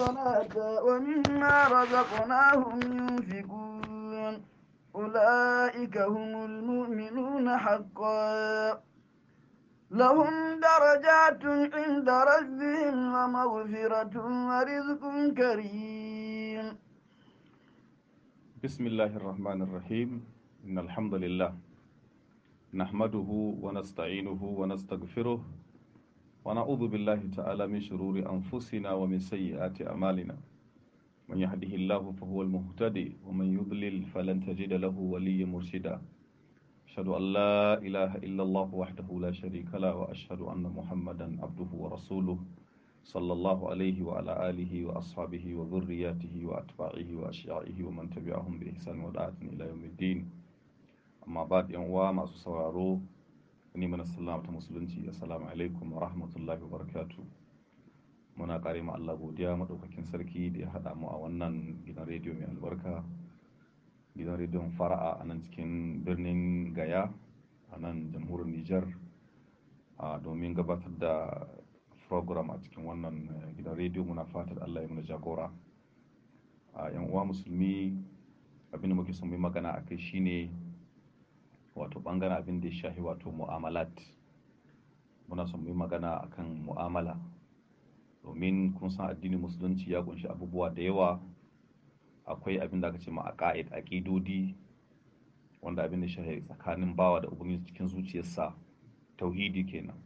الصلاة ومما رزقناهم ينفقون أولئك هم المؤمنون حقا لهم درجات عند ربهم ومغفرة ورزق كريم بسم الله الرحمن الرحيم إن الحمد لله نحمده ونستعينه ونستغفره ونعوذ بالله تعالى من شرور أنفسنا ومن سيئات أعمالنا من يهده الله فهو المهتدي ومن يضلل فلن تجد له وليا مرشدا أشهد أن لا إله إلا الله وحده لا شريك له وأشهد أن محمدا عبده ورسوله صلى الله عليه وعلى آله وأصحابه وذرياته وأتباعه وأشياعه ومن تبعهم بإحسان ودعاة إلى يوم الدين أما بعد يوم ما سوى ni mana sallama ta musulunci assalamu alaikum wa rahmatullahi wa barakatu muna kare ma Allah godiya madaukakin sarki da ya hada mu a wannan gidan rediyo mai albarka gidan rediyon fara'a a nan cikin birnin gaya a nan jamhuriyar a domin gabatar da program a cikin wannan eh, gidan rediyo muna fatar Allah ya muna jagora a yan uwa musulmi abin da muke son mai magana a kai shine wato bangaren abin da ya shahi wato mu'amalat muna son yi magana akan mu'amala domin kun san addinin musulunci ya kunshi abubuwa da yawa akwai abin da aka ce ma aqaid aqidodi wanda abin da ya shahi tsakanin bawa da ubangiji cikin zuciyarsa tauhidi kenan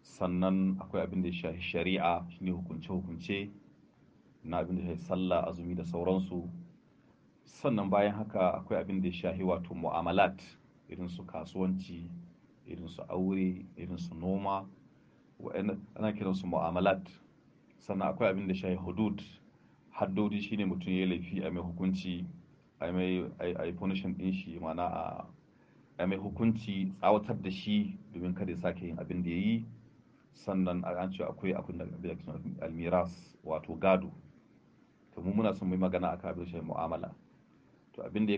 sannan akwai abin da ya shahi shari'a shine hukunce hukunce na abin da ya shahi sallah azumi da sauransu sannan bayan haka akwai abin da ya shahi wato mu'amalat irin su kasuwanci irin su aure irin su noma ana kiran su mu'amalat sannan akwai abin da shahi hudud haddodi shine mutum ya laifi a mai hukunci a mai punishin din shi mana a mai hukunci tsawatar da shi domin kada ya sake yin abin da ya yi sannan an ce akwai abin da almiras wato gado to mu muna son mai magana akan abin da mu'amala to abin da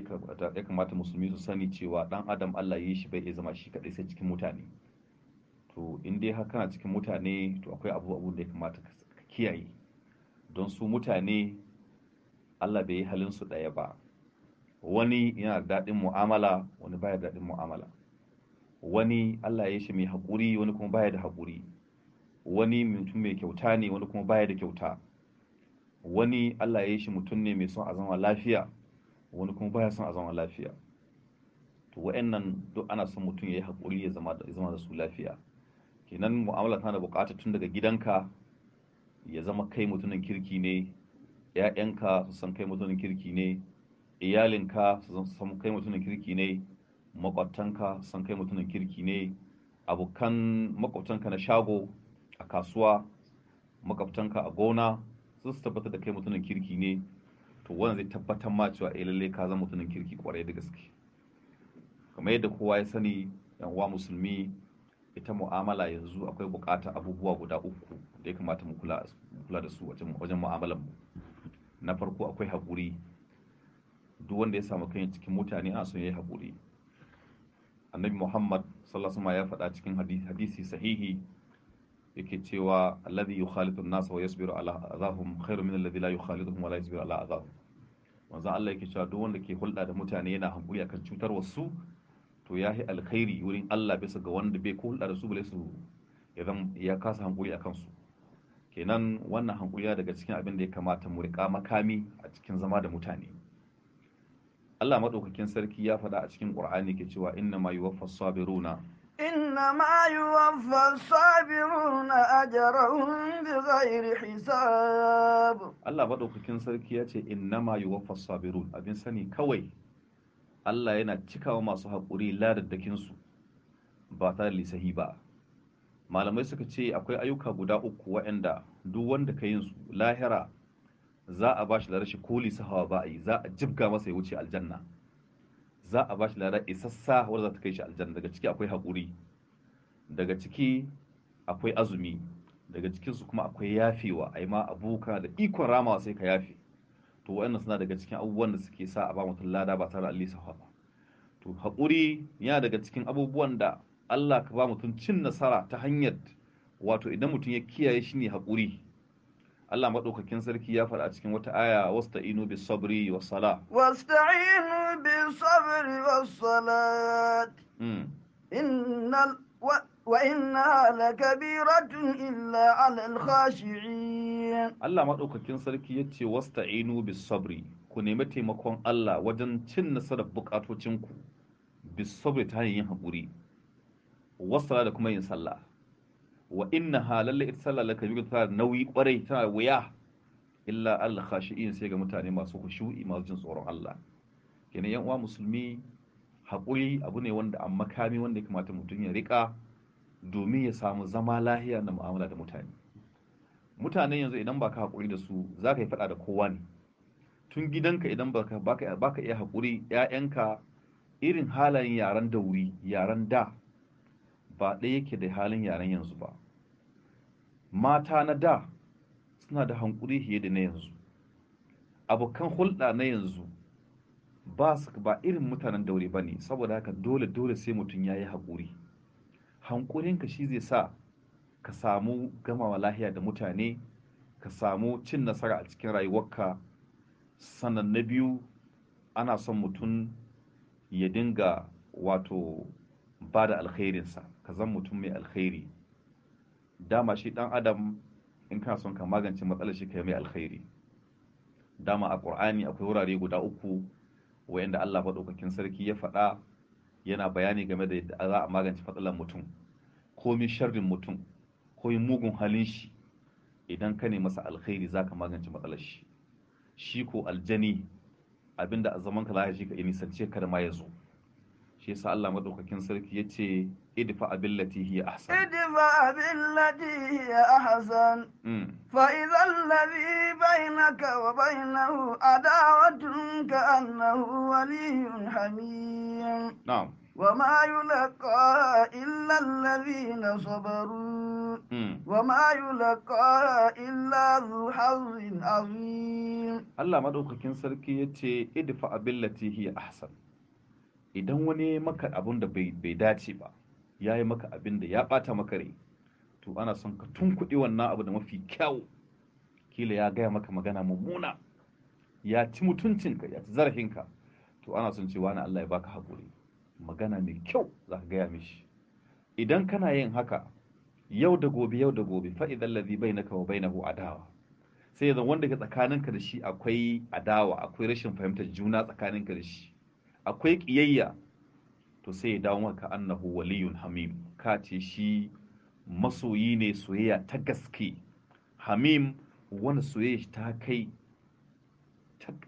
ya kamata musulmi su sani cewa dan adam Allah yi shi bai iya zama shi kadai sai cikin mutane to in dai haka kana cikin mutane to akwai abu abu da ya kamata ka kiyaye don su mutane Allah bai yi halin su daya ba wani yana da daɗin mu'amala wani baya da daɗin mu'amala wani Allah ya shi mai haƙuri wani kuma baya da haƙuri wani mutum mai kyauta ne wani kuma baya da kyauta wani Allah ya shi mutum ne mai son a zama lafiya wani kuma baya son a zama lafiya to wa'annan duk ana son mutum ya yi haƙuri ya zama da su lafiya kenan mu'amala tana da buƙatar tun daga gidanka ya zama kai mutumin kirki ne ‘ya'yanka su san kai mutumin kirki ne iyalinka su san kai mutumin kirki ne makwabtanka su san kai mutumin kirki ne abokan makwabtanka na shago a kasuwa makwabtanka a gona sun su tabbatar da kai mutumin kirki ne to wannan zai tabbatar ma cewa eh lalle ka zama mutumin kirki kwarai da gaske kamar yadda kowa ya sani yan uwa musulmi ita mu'amala yanzu akwai bukatar abubuwa guda uku da ya kamata mu kula da su wajen mu'amalar mu na farko akwai haƙuri duk wanda ya samu kai cikin mutane a son yayi haƙuri annabi muhammad sallallahu alaihi ya faɗa cikin hadisi sahihi yake cewa alladhi yukhalitu an-nas wa yasbiru ala adahum khairu min alladhi la yukhalituhum wa la yasbiru ala adahum manzo Allah yake cewa duk wanda ke hulɗa da mutane yana hankuri akan cutar wasu to yahi alkhairi wurin Allah bisa ga wanda bai hulɗa da su bale su ya kasa hankuri akan su kenan wannan hankuriya daga cikin abin da ya kamata mu riƙa makami a cikin zama da mutane Allah madaukakin sarki ya faɗa a cikin Qur'ani ke cewa inna ma yuwaffas sabiruna إنما يوفى الصابرون أجرهم بغير Allah الله sarki ya ce yace إنما يوفى الصابرون abin sani kawai Allah yana cikawa masu haƙuri ladaddakin su ba tare da lisahi ba malamai suka ce akwai ayyuka guda uku waɗanda duk wanda ka yin su lahira za a bashi da rashin ko lisahawa ba a yi za a jibga masa ya wuce aljanna za a bashi lada isassa wadda za ta kai shi aljanna daga ciki akwai haƙuri daga ciki akwai azumi daga cikinsu kuma akwai yafewa a yi ma aboka da ikon ramawa sai ka yafe to waɗannan suna daga cikin abubuwan da suke sa a ba mutum lada ba tare da allisa ba to haƙuri yana daga cikin abubuwan da allah ka ba mutum cin nasara ta hanyar wato idan mutum ya kiyaye shi ne haƙuri Allah maɗaukakin sarki ya faɗa a cikin wata aya wasta'inu bi sabri wa sala wasta'inu bi بالصبر والصلاة إن ال... و... وإنها لكبيرة إلا على الخاشعين الله ما دوكا كين سركي يتي واستعينوا بالصبر ku nemi taimakon Allah wajen cin nasarar bukatocinku bisabri ta hanyar yin haƙuri wasala da kuma yin sallah wa inna halalla ita sallah la kabiru ta nauyi kwarai ta wuya illa al khashi'in sai ga mutane masu khushu'i masu jin tsoron Allah kenan yan uwa musulmi haƙuri abu ne wanda an makami wanda ya kamata mutum ya rika domin ya samu zama lahiya na mu'amala da mutane mutanen yanzu idan baka haƙuri da su za ka yi faɗa da kowa ne tun gidanka idan baka iya haƙuri 'ya'yanka irin halayen yaren da wuri yaren da ba ɗaya yake da halin yaren yanzu ba mata na da suna da hankuri fiye da na yanzu abokan hulɗa na yanzu ba su ba irin mutanen daure ba ne saboda haka dole dole sai mutum ya yi haƙuri ka shi zai sa ka samu gamawa lahiya da mutane ka samu cin nasara a cikin rayuwarka sannan na biyu ana son mutum ya dinga wato ba da alkhairinsa ka zan mutum mai alkhairi dama shi dan adam in kana son ka magance matsalar shi ka yi mai alkhairi dama a ƙur'ani akwai wurare guda uku wayanda Allah maɗaukakin sarki ya faɗa yana bayani game da yadda za a magance matsalar mutum Ko min sharrin mutum ko yin mugun halin shi idan ka ne masa alkhairi zaka magance matsalar shi shi ko aljani abinda a zaman ka za ka nisance ka ma ya zo shi yasa Allah madaukakin sarki yace idfa abillati hiya ahsan idfa abillati hiya ahsan fa idha alladhi bainaka wa bainahu adawatun ka annahu waliyyun hamim na'am وما يلقى إلا الذين صبروا وما يلقى إلا ذو حظ عظيم الله مدوكاكين سركي يتي ادفع بالتي هي أحسن idan wani maka abin da bai dace ba ya yi maka abin da ya bata maka rai to ana son ka tun kuɗi wannan abu da mafi kyau. kila ya gaya maka magana mummuna ya ci mutuncinka ya ci zarafinka to ana son cewa na Allah ya baka haƙuri magana mai kyau za ka gaya mishi idan kana yin haka yau da gobe yau da gobe fa'idan ladhi bainaka wa bainahu adawa sai yanzu wanda ke tsakaninka da shi akwai adawa akwai rashin fahimtar juna tsakaninka da shi akwai ƙiyayya to sai ya dawo maka annahu waliyun hamim ka ce shi masoyi ne soyayya ta gaske hamim wani soyayya ta kai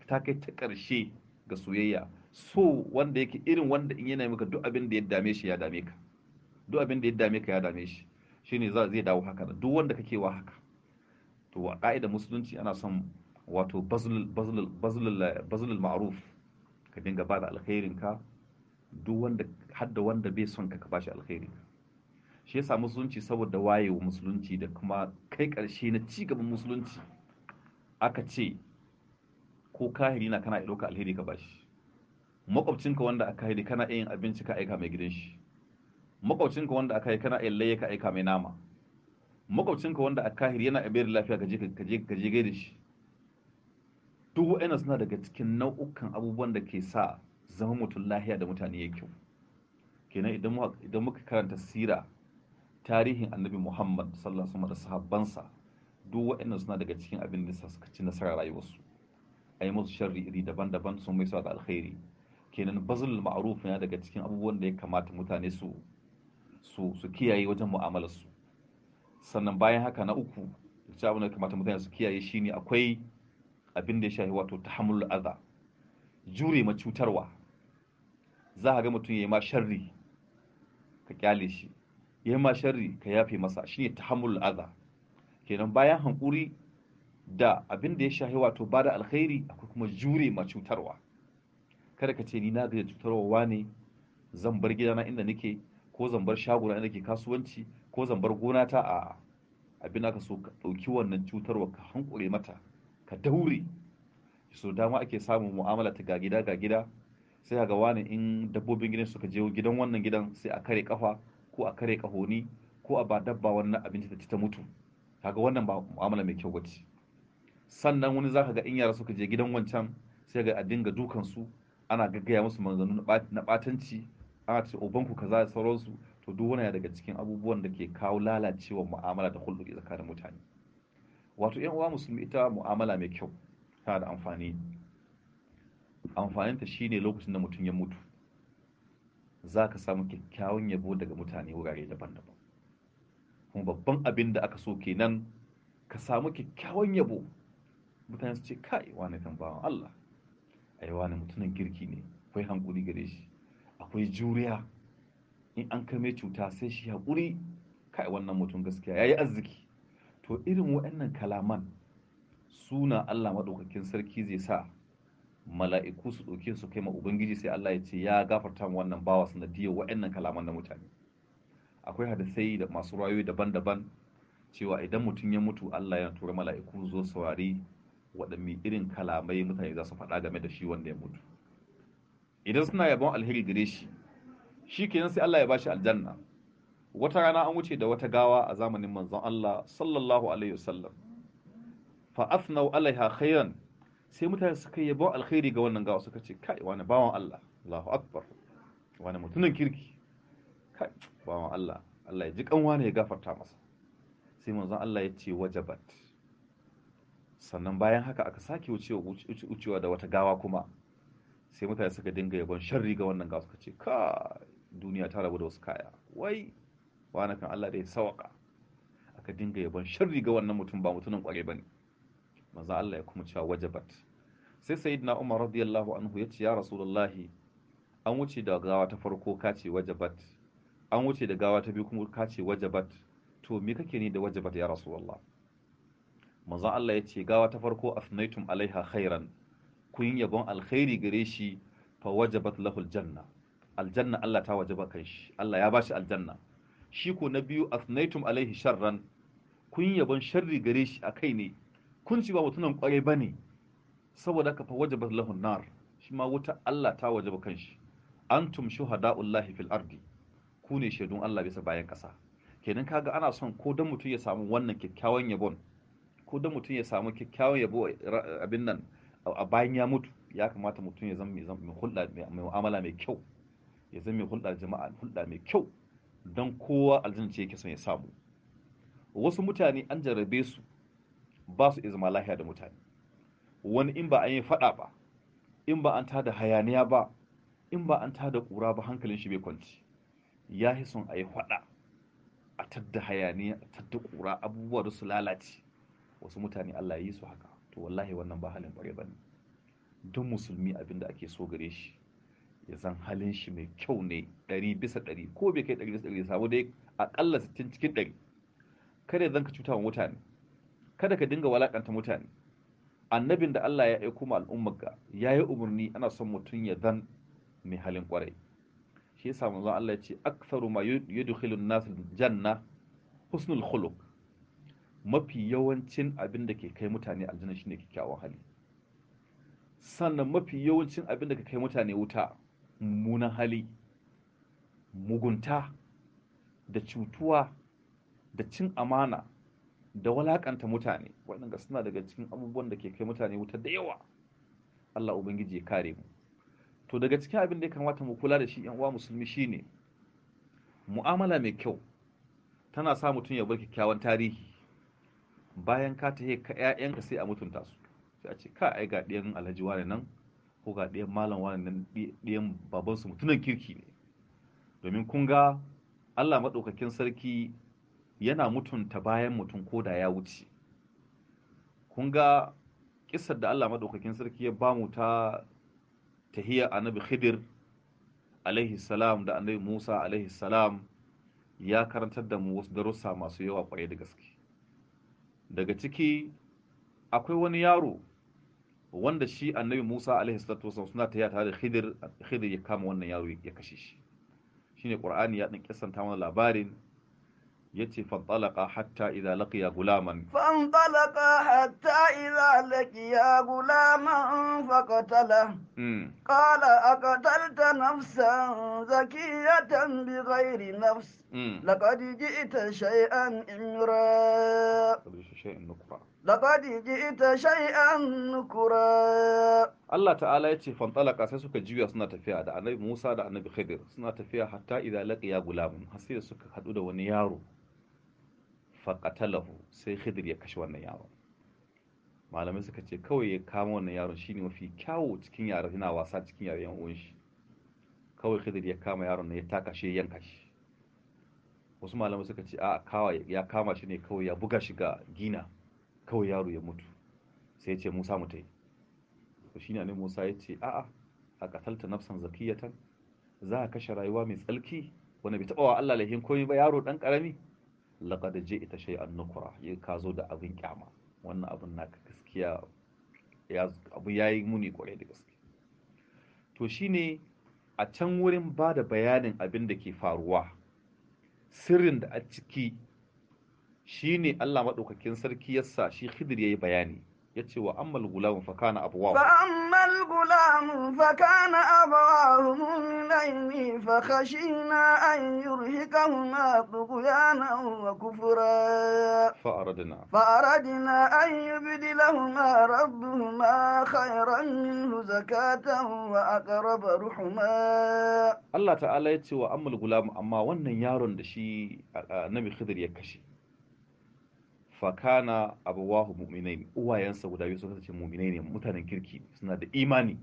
ta kai ta ƙarshe ga soyayya so wanda yake irin wanda in yana maka duk abin da ya dame shi ya dame ka duk abin da ya dame ka ya dame shi shine zai dawo haka duk wanda kake wa haka to a ka'idar musulunci ana son wato bazlul ma'ruf ka dinga ba da alkhairinka duk wanda hadda wanda bai son ka ka bashi alkhairi shi yasa musulunci saboda wayewa musulunci da kuma kai karshe na ci gaban musulunci aka ce ko kahiri na kana ɗauka alheri ka bashi makwabcinka wanda aka haidi kana yin abinci ka aika mai gidan shi makwabcinka wanda aka haidi kana yin laye ka aika mai nama makwabcinka wanda aka haidi yana abin lafiya ka je ka je ka je gaida shi duk wa'ina suna daga cikin nau'ukan abubuwan da ke sa zama mutum lahiya da mutane ya kyau kenan idan muka karanta sira tarihin annabi muhammad sallallahu alaihi da sahabbansa duk wa'ina suna daga cikin abin da suka ci nasara rayuwarsu a yi musu sharri iri daban-daban sun mai da alkhairi kenan bazul ma'ruf yana daga cikin abubuwan da ya kamata mutane su su su kiyaye wajen mu'amalarsu sannan bayan haka na uku da abin da kamata mutane su kiyaye shine akwai abin da ya shafi wato hamul adha jure ma cutarwa za ka ga mutum ya yi ma sharri ka kyale shi ya yi ma sharri ka yafe masa shi shine hamul aza kenan bayan hankuri da abin da ya shafi wato ba da alkhairi akwai kuma jure ma cutarwa kada ka ce ni na gaji cutarwa ne zan bar gidana inda nake ko zan bar shagona inda ke kasuwanci ko zan bar gona ta a abin aka so ka ɗauki wannan cutarwa ka hankure mata ka daure so dama ake samun mu'amala ta ga gida ga gida sai ga wani in dabbobin gidan suka je gidan wannan gidan sai a kare kafa ko a kare kahoni ko a ba dabba wannan abinci ta ci ta mutu kaga wannan ba mu'amala mai kyau bace sannan wani zaka ga in yara suka je gidan wancan sai ga a dinga dukan su ana gaggaya musu manzannu na batanci ana ce ubanku kaza da sauransu to duk wani daga cikin abubuwan da ke kawo lalacewa mu'amala da hulɗi tsakanin mutane wato yan uwa musulmi ita mu'amala mai kyau tana da amfani amfaninta shine lokacin da mutum ya mutu za ka samu kyakkyawan yabo daga mutane wurare daban-daban kuma babban abin da aka so kenan ka samu kyakkyawan yabo mutane su ce kai wani kan bawan Allah ai wani mutumin kirki ne akwai hankuri gare shi akwai juriya in an kame cuta sai shi hakuri kai wannan mutum gaskiya yayi arziki to irin waɗannan kalaman suna Allah maɗaukakin sarki zai sa mala'iku su ɗauke su kai ma ubangiji sai Allah ya ce ya gafarta mu wannan bawa diya waɗannan kalaman na mutane akwai hadisai da masu rayuwa daban-daban cewa idan mutum ya mutu Allah ya tura mala'iku zo saurari waɗanne irin kalamai mutane za su faɗa game da shi wanda ya mutu idan suna yabon alheri gare shi shi kenan sai Allah ya bashi aljanna wata rana an wuce da wata gawa a zamanin manzon Allah sallallahu alaihi wasallam fa asnau alaiha khayran sai mutane suka yabo alkhairi ga wannan gawa suka ce kai wani bawan Allah Allahu akbar wani mutumin kirki kai bawan Allah Allah ya ji kanwa ya gafarta masa sai manzon Allah ya ce wajabat sannan bayan haka aka sake wucewa da wata gawa kuma sai mutane suka dinga yabon sharri ga wannan gawa suka ce ka duniya ta rabu da wasu kaya wai kwana kan Allah da ya sawaka aka dinga yaban sharri ga wannan mutum ba mutumin kware bane manzo Allah ya kuma cewa wajabat sai sayyidina Umar radiyallahu anhu ya ce ya rasulullahi an wuce da gawa ta farko ka ce wajabat an wuce da gawa ta biyu kuma ka ce wajabat to me kake ni da wajabat ya rasulullah manzo Allah ya ce gawa ta farko afnaitum alaiha khairan kun yabon alkhairi gare shi fa wajabat lahul janna aljanna Allah ta wajaba kan shi Allah ya bashi aljanna shi ko na biyu asnaitum alaihi sharran kun yaban sharri gare shi a kai ne kun ci ba mutunan kwarai ba ne saboda ka fa wajaba lahun nar shi ma wuta Allah ta wajaba kanshi antum shuhada'ullahi fil ardi ku ne shaidun Allah bisa bayan kasa kenan kaga ana son ko dan mutum ya samu wannan kyakkyawan yabon ko dan mutum ya samu kyakkyawan yabo abin nan a bayan ya mutu ya kamata mutum ya zama mai hulɗa mai mu'amala mai kyau ya zama mai hulɗa jama'a hulɗa mai kyau don kowa aljanna ce yake son ya samu wasu mutane an jarrabe su ba su lahiya da mutane wani in ba an yi faɗa ba in ba an da hayaniya ba in ba an da ƙura ba hankalin shi bai kwanci ya yi son a yi faɗa a tadda hayaniya a tadda ƙura abubuwa da su lalace wasu mutane Allah ya yi su haka to wallahi wannan ba halin ƙwarai ba ne don musulmi abinda ake so gare shi ya san halin shi mai kyau ne ɗari bisa ɗari ko bai kai ɗari bisa ɗari samu dai aƙalla sittin cikin ɗari kada ya zanka cuta wa mutane kada ka dinga walaƙanta mutane annabin da Allah ya aiko ma al'ummar ga ya yi umarni ana son mutum ya zan mai halin ƙwarai. shi yasa manzon Allah ya ce aktharu ma yudkhilu an-nas janna husnul khuluq mafi yawancin abin da ke kai mutane aljanna shine kyakkyawan hali sannan mafi yawancin abin da ke kai mutane wuta mummunan hali mugunta da cutuwa da cin amana da walakanta mutane waɗanda suna daga cikin abubuwan da ke kai mutane wuta da yawa Allah ubangiji ya kare mu to daga cikin abin da ya kamata mu kula da shi yan uwa musulmi shine mu'amala mai kyau tana sa mutum ya bar kyakkyawan tarihi bayan ka tahe ka ƴaƴanka sai a mutunta su sai a ce ka ai ga ɗiyan alhaji wane nan ko ga ɗayan malam wani nan ɗayan babansu mutumin kirki ne domin kun ga allah maɗaukakin sarki yana mutunta bayan mutum ko da ya wuce kun ga kisar da allah maɗaukakin sarki ya bamu ta tahiyar annabi khidir alaihi salam da annabi musa alaihi salam ya karantar da mu wasu darussa masu yawa kwarai da gaske daga ciki akwai wani yaro wanda shi annabi Musa alaihi salatu wasallam suna taya tare da Khidir Khidir ya kama wannan yaro ya kashe shi shine Qur'ani ya din kissanta mana labarin yace talaqa hatta idza laqiya gulaman talaqa hatta idza laqiya gulaman faqatala Mm. قال أقتلت نفسا زكية بغير نفس لقد جئت شيئا إمرا لقد جئت شيئا نكرا Allah ta'ala ya ce fantalaka sai suka juya suna tafiya da annabi Musa da annabi Khidir suna tafiya hatta idza laqiya gulamun har da suka haɗu da wani yaro faqatalahu sai Khidir ya kashe wannan yaron malamai suka ce kawai ya kama wannan yaron shine mafi kyawu cikin yaron yana wasa cikin yaran yan uwan shi kawai khidir ya kama yaron ne ya taka shi yanka shi wasu malamai suka ce a kawa ya kama shi ne kawai ya buga shi ga gina kawai yaro ya mutu sai ya ce musa mutai to shine ne musa ya ce a'a a katalta nafsan zakiyatan za a kashe rayuwa mai tsalki wanda bai taɓa wa Allah lahin komai ba yaro ɗan ƙarami laƙad ita shai nukura ya ka zo da abin kyama wannan abun na gaskiya abu ya yi muni kwarai da gaske to shine a can wurin ba da bayanin abin da ke faruwa sirrin da a ciki shine Allah maɗaukakin sarki yasa shi khidir ya yi bayani yace wa ammal gulam fa kana abwahu fa ammal gulam fa kana abawahu mu'minaini fa khashina an yurhikahuma tughyana wa kufra fa aradna fa aradna an yubdilahuma rabbuhuma khayran minhu zakatan wa aqrab ruhuma Allah ta'ala yace wa ammal gulam amma wannan yaron da shi Nabi Khidir ya kashe fakana wahu mu'minai uwayensa guda biyu sun kasance mu'minai ne mutanen kirki suna da imani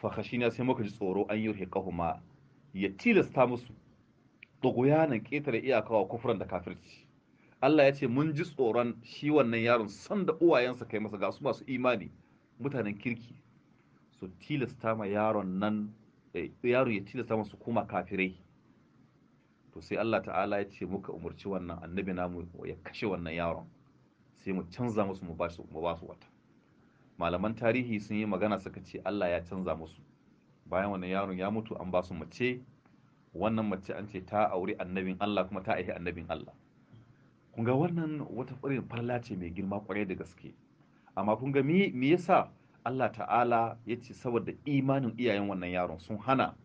fakashina sai muka ji tsoro an yi ma ya tilasta musu ketare ƙetare iyakawa kufran da kafirci Allah ya ce mun ji tsoron shi wannan yaron san da uwayensa kai masa ga su masu imani mutanen kirki su tilasta ma yaron nan eh, yaro ya tilasta musu kuma kafirai to sai Allah ta'ala ya ce muka umarci wannan annabi namu ya kashe wannan yaron sai mu canza musu mu ba su wata malaman tarihi sun yi magana suka ce Allah ya canza musu bayan wannan yaron ya mutu an basu mace wannan mace an ce ta auri annabin Allah kuma ta aihi annabin Allah kun ga wannan wata ƙwarin farla ce mai girma kwarai da gaske amma kun ga me yasa Allah ta'ala ya ce saboda imanin iyayen wannan yaron sun hana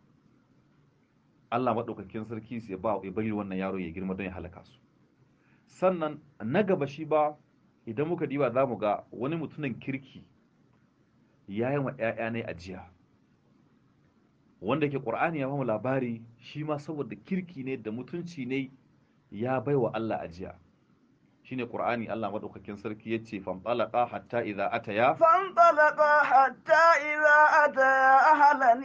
Allah maɗaukakin sarki su ya ba ya bari wannan yaro ya girma don ya halaka su sannan na gaba shi ba idan muka diba za mu ga wani mutumin kirki ya yi wa 'ya'ya ne ajiya wanda ke ƙur'ani ya bamu labari shi ma saboda kirki ne da mutunci ne ya bai wa Allah ajiya shine Qur'ani Allah madaukakin sarki yace fanṭalaqa hatta idza ataya hatta idza ataya ahlan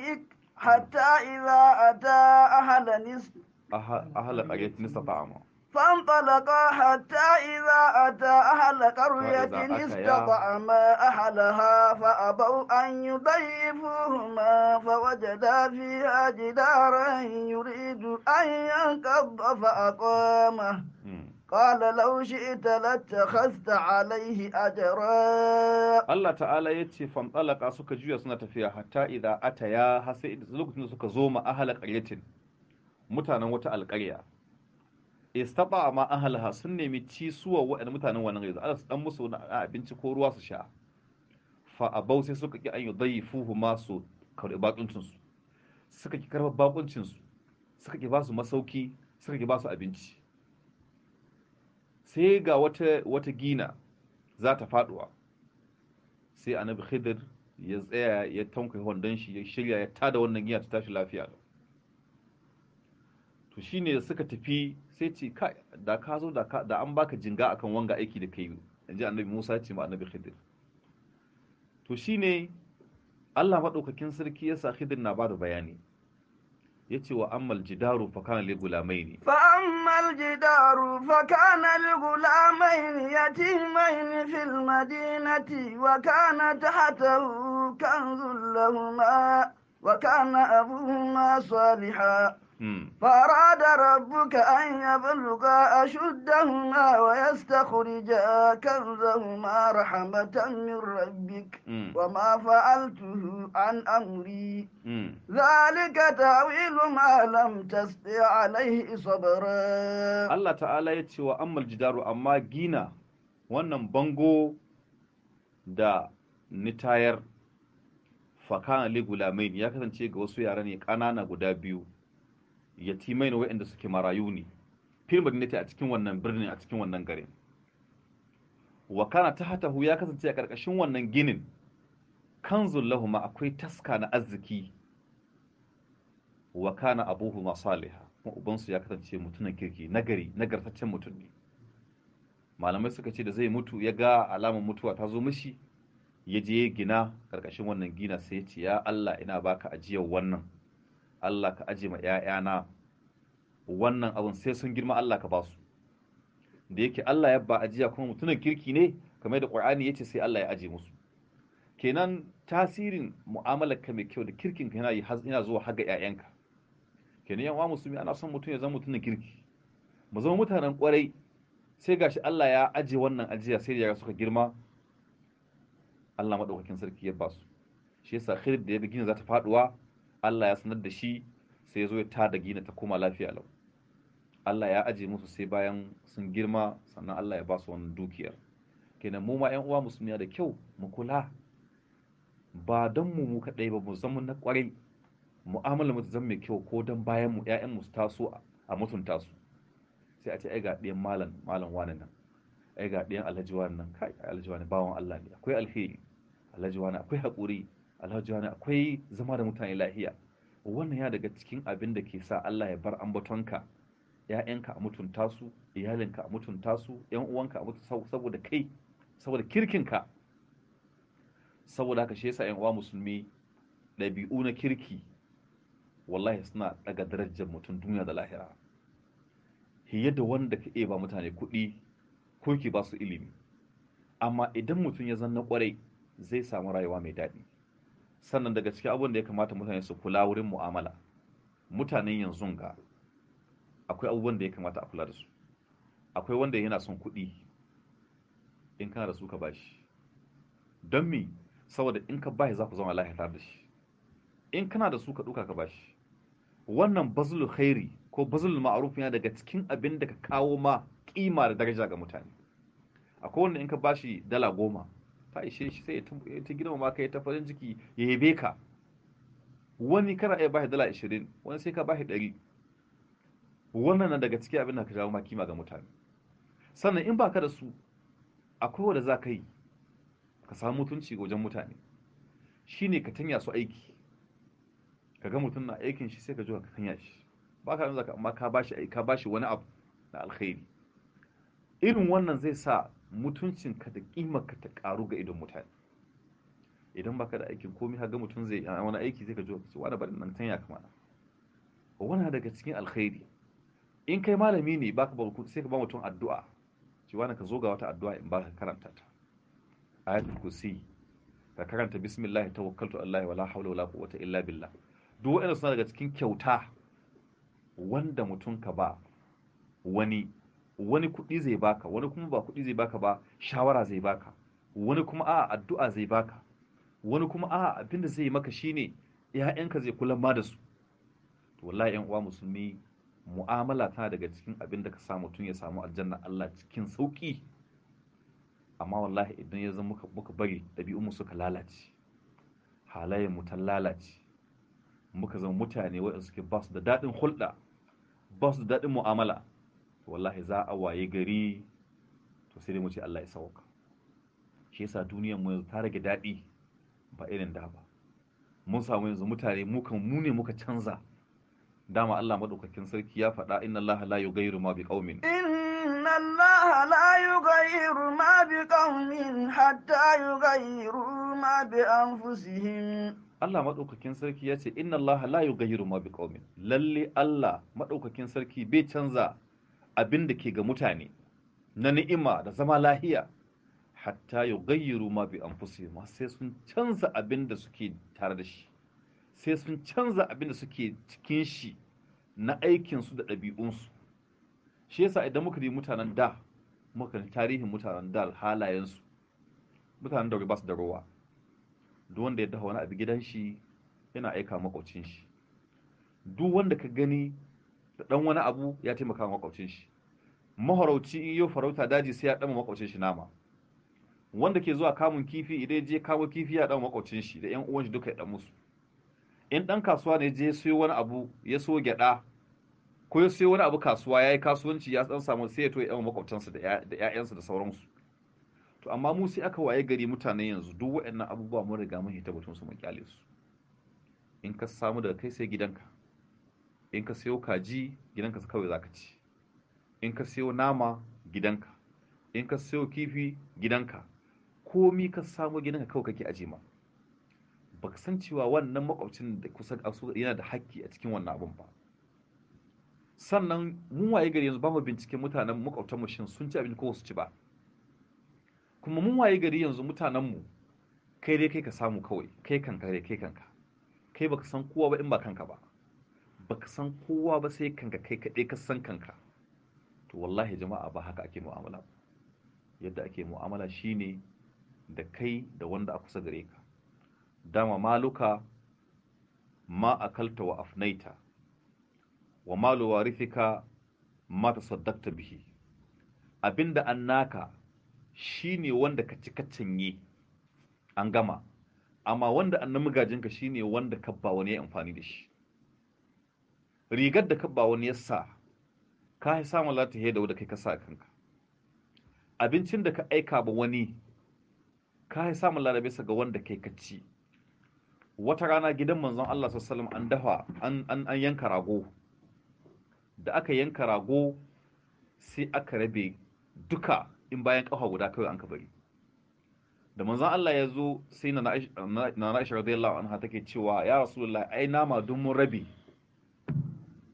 حتى إذا أتى أهل نس أه- أهل قرية نس طعامه فانطلقا حتى إذا أتى أهل قرية استطعما أهلها فأبوا أن يضيفوهما فوجدا فيها جدارا يريد أن ينقض فأقامه قال لو شئت لاتخذت عليه أجرا الله تعالى يتي فانطلق سوك جوية سنة فيها حتى إذا أتيا حسيد لوكتن سوك زوم أهل قرية متانا وتا القرية استطاع ما أهلها سنة متي سوى وأن متانا ونغيز على أمس بنت كوروا سشا فأبو سكا أن يضيفوه ما سو كرباقنتنس سكا كرباقنتنس سكا كباسو مسوكي سكا باسو أبنتي sai ga wata wata gina za ta faduwa sai annabi khidir ya tsaya ya tanka wandon shi ya shirya ya tada wannan giya ta tashi lafiya to shine suka tafi sai ce da ka zo da an baka jinga akan wanga aiki da kai inji annabi Musa ce ma annabi Khidir to shine Allah maɗaukakin sarki ya sa Khidir na ba da bayani yace wa ammal jidaru fa kana li gulamaini fa ammal jidaru fa kana li gulamaini yatimain fil madinati wa kana tahtahu kanzul lahumā wa kana abūhumā ṣāliḥā فأراد ربك أن يبلغا أشدهما ويستخرجا كنزهما رحمة من ربك وما فعلته عن أمري ذلك تأويل ما لم تستطع عليه صبرا الله تعالى يتي أما الجدار أما جينا wannan bango da nitayar fakan ligulamain ya kasance ga wasu yara ne ƙanana guda biyu yatimai ne waɗanda suke marayu ne fil madinati a cikin wannan birnin a cikin wannan garin wa kana tahtahu ya kasance a karkashin wannan ginin kanzul ma akwai taska na arziki wa kana abuhuma salihah kuma ubansu ya kasance mutumin kirki nagari nagartaccen mutum ne malamai suka ce da zai mutu ya ga alamar mutuwa ta zo mishi ya je gina karkashin wannan gina sai ya ce ya Allah ina baka ajiyar wannan Allah ka aje ma ‘ya'yana wannan abin sai sun girma Allah ka ba su da yake Allah ya ba ajiya kuma mutumin kirki ne kamar da ƙwar'ani ya ce sai Allah ya aje musu kenan tasirin mu'amalar ka mai kyau da kirkin ka yana zuwa haga ‘ya'yanka kenan yan musulmi ana son mutum ya zama mutumin kirki mu zama mutanen ƙwarai sai gashi Allah ya aje wannan ajiya sai da ya suka girma Allah maɗaukakin sarki ya ba su shi yasa khir da ya bi gina za ta faɗuwa Allah ya sanar da shi sai ya zo ya ta tada gina ta koma lafiya lau Allah ya aje musu sai bayan sun girma sannan Allah ya ba su wannan dukiyar kenan mu ma ƴan uwa musulmiya da kyau mu kula ba don mu mu kaɗai ba mu zama na kwarai mu'amala mu zama mai kyau ko don bayan mu ƴaƴan mu taso a mutunta su sai a ce ai ga ɗiyan malam malam wani nan ai ga ɗiyan alhaji wani nan kai alhaji wani bawan Allah ne akwai alheri alhaji wani akwai haƙuri alhaji wani akwai zama da mutane lahiya wannan ya daga cikin abin da ke sa Allah ya bar ambatonka ‘ya'yanka a mutunta su iyalinka a mutunta su ‘yan uwanka a mutunta su saboda kai saboda kirkinka saboda haka shi yasa ‘yan uwa musulmi ɗabi'u na kirki wallahi suna daga darajar mutum duniya da lahira hiye da wanda ka ba mutane kuɗi ko ki ba su ilimi amma idan mutum ya zanna kwarai zai samu rayuwa mai daɗi sannan daga cikin abin da ya kamata mutane su kula wurin mu'amala mutanen yanzu ga akwai abubuwan da ya kamata a kula da su akwai wanda yana son kuɗi in kana da su ka bashi don me saboda in ka bashi za ku zama lahiya tare da shi in kana da su ka ɗuka ka bashi wannan bazul khairi ko bazul ma'ruf yana daga cikin abin da ka kawo ma kima da daraja ga mutane akwai wanda in ka bashi dala goma ta ishe shi sai ta gina ma ya ta farin ciki ya yabe ka wani kana iya bashi dala 20 wani sai ka bashi 100 wannan na daga ciki abin da ka jawo makima ga mutane sannan in baka da su akwai wanda za ka yi ka samu mutunci ga wajen mutane shine ka tanya su aiki ka ga mutum na aikin shi sai ka ji ka tanya shi ba ka amma ka bashi ka bashi wani abu na alkhairi irin wannan zai sa Mutuncin ka da ka ta ƙaru ga idon mutane idan baka da aikin komai ga mutum zai yana wani aiki zai ka ji wasu wani barin nan tanya kamar na wani daga cikin alkhairi in kai malami ne baka ba ku sai ka ba mutum addu'a ci wani ka zo ga wata addu'a in baka karanta ta ayatul kursi ka karanta bismillah tawakkaltu allahi wala hawla wala quwwata illa billah duk wani suna daga cikin kyauta wanda mutum ka ba wani wani kuɗi zai baka wani kuma ba kuɗi zai baka ba shawara zai baka wani kuma a addu'a zai baka wani kuma a abinda zai maka shine ‘ya'yanka zai kula ma da su to wallahi ‘yan uwa musulmi mu'amala tana daga cikin abinda ka samu tun ya samu aljanna Allah cikin sauki amma wallahi idan ya zama muka bari ɗabi'unmu suka lalace halayen mu ta lalace muka zama mutane waɗanda suke ba su da daɗin hulɗa ba su da daɗin mu'amala wallahi za a waye gari to sai dai mu ce Allah ya sauka shi yasa duniyar mu yanzu ta rage daɗi ba irin da ba mun samu yanzu mutane mu kan mu ne muka canza dama Allah madaukakin sarki ya faɗa inna Allah la yughayyiru ma bi qaumin inna Allah la yughayyiru ma bi qaumin hatta yughayyiru ma bi anfusihim Allah madaukakin sarki ya ce inna Allah la yughayyiru ma bi qaumin lalle Allah madaukakin sarki bai canza abin da ke ga mutane na ni'ima da zama lahiya hatta ya gayyaru ma bi an ma sai sun canza abin da suke tare da shi sai sun canza abin da suke cikin shi na aikinsu da ɗabi'unsu shi yasa idan muka yi mutanen da muka yi tarihin mutanen da halayensu mutanen da ba su da ruwa duk wanda ya dafa wani abu gidan shi yana aika makwacin shi duk wanda ka gani da dan wani abu ya taimaka wa makwabcin shi mahorauci in yau farauta daji sai ya dama makwabcin shi nama wanda ke zuwa kamun kifi idan je kawo kifi ya dama makwabcin shi da yan uwan shi duka ya ɗan musu in ɗan kasuwa ne je sayo wani abu ya so gyada ko ya sai wani abu kasuwa yayi kasuwanci ya san samu sai ya to ya dama makwabtansa da ƴaƴansa da sauransu to amma mu sai aka waye gari mutane yanzu duk waɗannan abubuwa mun riga mun hita batun su mun kyale su in ka samu daga kai sai gidanka in ka sayo kaji gidanka kawai za ka ci in ka sayo nama gidanka in ka sayo kifi gidanka komi ka samu gidanka kawai kake aje ma ba ka san cewa wannan makwabcin da kusa yana da haƙƙi a cikin wannan abun ba sannan mun waye gari yanzu ba mu binciken mutanen mu shin sun ci abinci ko su ci ba kuma mun waye gari yanzu mutanenmu kai dai kai ka samu kawai kai kanka dai kai kanka kai baka san kowa ba in ba kanka ba baka san kowa ba sai kanka kai kaɗai ka san kanka to wallahi jama'a ba haka ake mu'amala yadda ake mu'amala shine da kai da wanda a kusa gare ka dama maluka ma akalta wa afnaita wa malu warithika ma tasaddaqta bihi abinda annaka shine wanda ka ci ka cinye an gama amma wanda annabi gajinka shine wanda ka ba wani amfani da shi rigar da ka ba wani ya sa ka yi samun latihe da wanda kai ka sa kanka abincin da ka aika ba wani ka yi samun larabe sa ga wanda kai ka ci wata rana gidan manzon Allah sallallahu an dafa an yanka rago da aka yanka rago sai aka rabe duka in bayan kafa guda kawai an kabari. bari da manzon Allah ya zo sai na na Aisha radiyallahu anha take cewa ya rasulullahi ai nama dun mun rabe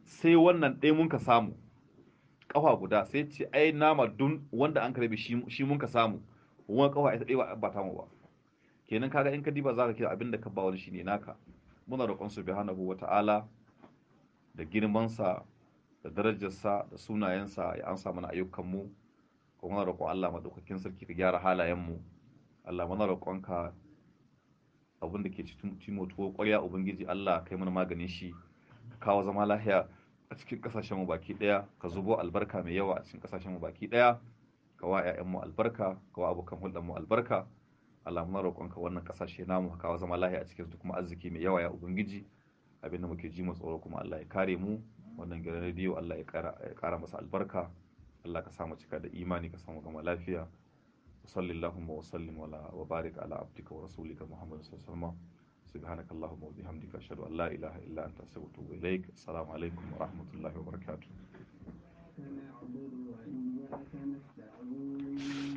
sai wannan ɗaya mun ka samu ƙafa guda sai ce ai nama dun wanda an karbi shi mun ka samu wani ƙafa ita ɗaya ba mu ba kenan kaga in ka diba za ka kira abin da ka ba wani shi ne naka muna roƙon subhanahu ta'ala da girmansa da darajarsa da sunayensa ya ansa mana ayyukanmu kuma muna roƙon Allah madaukakin sarki ka gyara halayenmu Allah muna roƙonka abin da ke cikin timotuwa ƙwarya ubangiji Allah kai mana maganin shi ka kawo zama lahiya a cikin kasashen baki daya ka zubo albarka mai yawa a cikin kasashen mu baki ɗaya. ka wa ƴaƴan mu albarka ka wa abokan hulɗar mu albarka Allah roƙonka wannan kasashe namu ka kawo zama lahiya a cikin su kuma arziki mai yawa ya ubangiji abin da muke ji mu tsoro kuma Allah ya kare mu wannan gidan rediyo Allah ya kara masa albarka Allah ka samu cika da imani ka samu gama lafiya sallallahu wa sallim wa barik ala abdika wa rasulika muhammadin sallallahu alaihi wasallam سبحانك اللهم وبحمدك أشهد أن لا إله إلا أنت أستغفرك إليك السلام عليكم ورحمة الله وبركاته